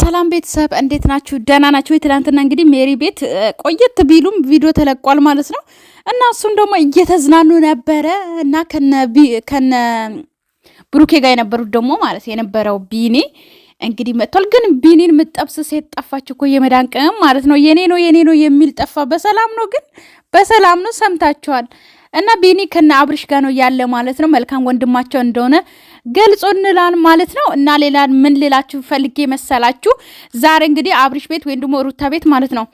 ሰላም ቤተሰብ እንዴት ናችሁ? ደህና ናችሁ? ትናንትና እንግዲህ ሜሪ ቤት ቆየት ቢሉም ቪዲዮ ተለቋል ማለት ነው። እና እሱም ደግሞ እየተዝናኑ ነበረ እና ከነ ብሩኬ ጋር የነበሩት ደግሞ ማለት የነበረው ቢኒ እንግዲህ መጥቷል። ግን ቢኒን ምጠብስ ሴት ጠፋች እኮ የመዳን ቅመም ማለት ነው። የኔ ነው የኔ ነው የሚል ጠፋ። በሰላም ነው ግን በሰላም ነው ሰምታችኋል። እና ቢኒ ከነ አብርሽ ጋር ነው ያለ ማለት ነው። መልካም ወንድማቸው እንደሆነ እንላን ማለት ነው። እና ሌላ ምን ልላችሁ ፈልጌ መሰላችሁ ዛሬ እንግዲህ አብሪሽ ቤት ወይም ደግሞ ሩታ ቤት ማለት ነው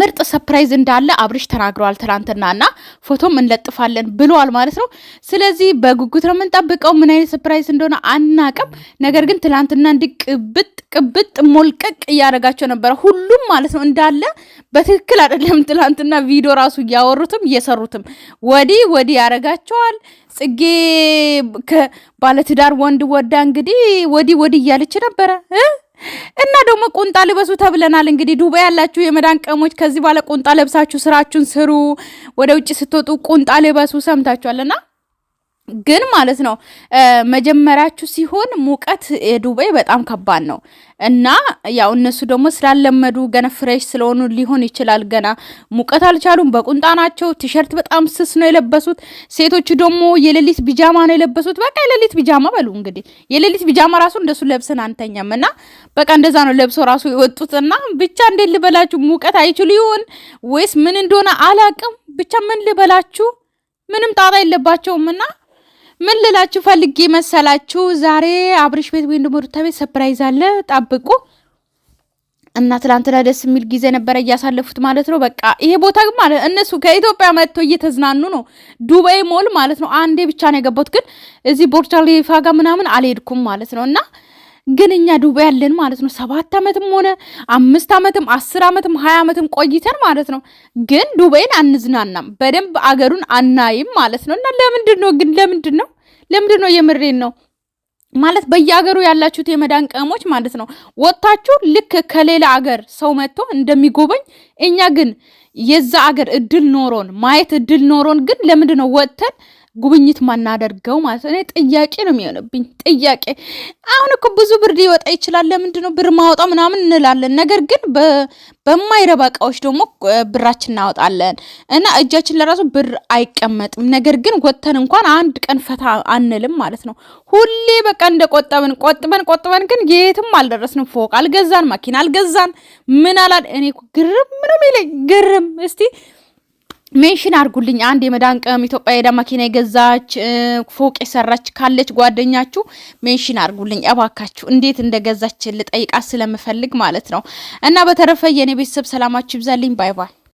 ምርጥ ሰፕራይዝ እንዳለ አብርሽ ተናግረዋል ትናንትና እና ፎቶም እንለጥፋለን ብለዋል ማለት ነው። ስለዚህ በጉጉት ነው የምንጠብቀው። ምን አይነት ሰፕራይዝ እንደሆነ አናቅም። ነገር ግን ትናንትና እንዲህ ቅብጥ ቅብጥ ሞልቀቅ እያደረጋቸው ነበረ ሁሉም ማለት ነው። እንዳለ በትክክል አይደለም። ትናንትና ቪዲዮ ራሱ እያወሩትም እየሰሩትም ወዲህ ወዲህ ያደረጋቸዋል። ጽጌ ባለትዳር ወንድ ወዳ እንግዲህ ወዲህ ወዲህ እያለች ነበረ እና ደግሞ ቁንጣ ልበሱ ተብለናል። እንግዲህ ዱባይ ያላችሁ የመዳን ቀሞች ከዚህ በኋላ ቁንጣ ለብሳችሁ ስራችሁን ስሩ። ወደ ውጭ ስትወጡ ቁንጣ ልበሱ። ሰምታችኋልና ግን ማለት ነው መጀመሪያችሁ ሲሆን ሙቀት የዱባይ በጣም ከባድ ነው እና ያው እነሱ ደግሞ ስላለመዱ ገና ፍሬሽ ስለሆኑ ሊሆን ይችላል። ገና ሙቀት አልቻሉም። በቁንጣ ናቸው። ቲሸርት በጣም ስስ ነው የለበሱት። ሴቶቹ ደግሞ የሌሊት ቢጃማ ነው የለበሱት። በቃ የሌሊት ቢጃማ በሉ እንግዲህ የሌሊት ቢጃማ ራሱ እንደሱ ለብሰን አንተኛም እና በቃ እንደዛ ነው ለብሶ ራሱ የወጡትና ብቻ እንዴት ልበላችሁ ሙቀት አይችሉ ይሆን ወይስ ምን እንደሆነ አላቅም። ብቻ ምን ልበላችሁ ምንም ጣጣ የለባቸውም እና ምን ልላችሁ ፈልጌ መሰላችሁ? ዛሬ አብርሽ ቤት ወይም ደግሞ ሩታ ቤት ሰፕራይዝ አለ፣ ጠብቁ እና ትላንትና ደስ የሚል ጊዜ ነበረ እያሳለፉት ማለት ነው። በቃ ይሄ ቦታ ግን ማለት እነሱ ከኢትዮጵያ መጥቶ እየተዝናኑ ነው። ዱባይ ሞል ማለት ነው። አንዴ ብቻ ነው የገባሁት፣ ግን እዚህ ቦርቻ ሊፋጋ ምናምን አልሄድኩም ማለት ነው እና ግን እኛ ዱባ ያለን ማለት ነው ሰባት ዓመትም ሆነ አምስት ዓመትም አስር ዓመትም ሀያ ዓመትም ቆይተን ማለት ነው ግን ዱባይን አንዝናናም፣ በደንብ አገሩን አናይም ማለት ነው። እና ለምንድን ነው ግን ለምንድን ነው ለምንድን ነው የምሬን ነው ማለት በየአገሩ ያላችሁት የመዳን ቀሞች ማለት ነው ወጥታችሁ ልክ ከሌላ አገር ሰው መጥቶ እንደሚጎበኝ እኛ ግን የዛ አገር እድል ኖሮን ማየት እድል ኖሮን ግን ለምንድን ነው ወጥተን ጉብኝት ማናደርገው ማለት ነው። ጥያቄ ነው የሚሆንብኝ ጥያቄ። አሁን እኮ ብዙ ብር ሊወጣ ይችላል። ለምንድን ነው ብር ማወጣው ምናምን እንላለን። ነገር ግን በማይረባ እቃዎች ደግሞ ብራችን እናወጣለን እና እጃችን ለራሱ ብር አይቀመጥም። ነገር ግን ወጥተን እንኳን አንድ ቀን ፈታ አንልም ማለት ነው። ሁሌ በቃ እንደቆጠብን ቆጥበን ቆጥበን ግን የትም አልደረስንም። ፎቅ አልገዛን፣ መኪና አልገዛን፣ ምን አላል። እኔ ግርም ነው የሚለኝ ግርም እስቲ ሜንሽን አድርጉልኝ። አንድ የመዳን ቅመም ኢትዮጵያ ሄዳ መኪና የገዛች ፎቅ የሰራች ካለች ጓደኛችሁ ሜንሽን አድርጉልኝ እባካችሁ፣ እንዴት እንደገዛች ልጠይቃት ስለምፈልግ ማለት ነው። እና በተረፈ የኔ ቤተሰብ ሰላማችሁ ይብዛልኝ። ባይ ባይ።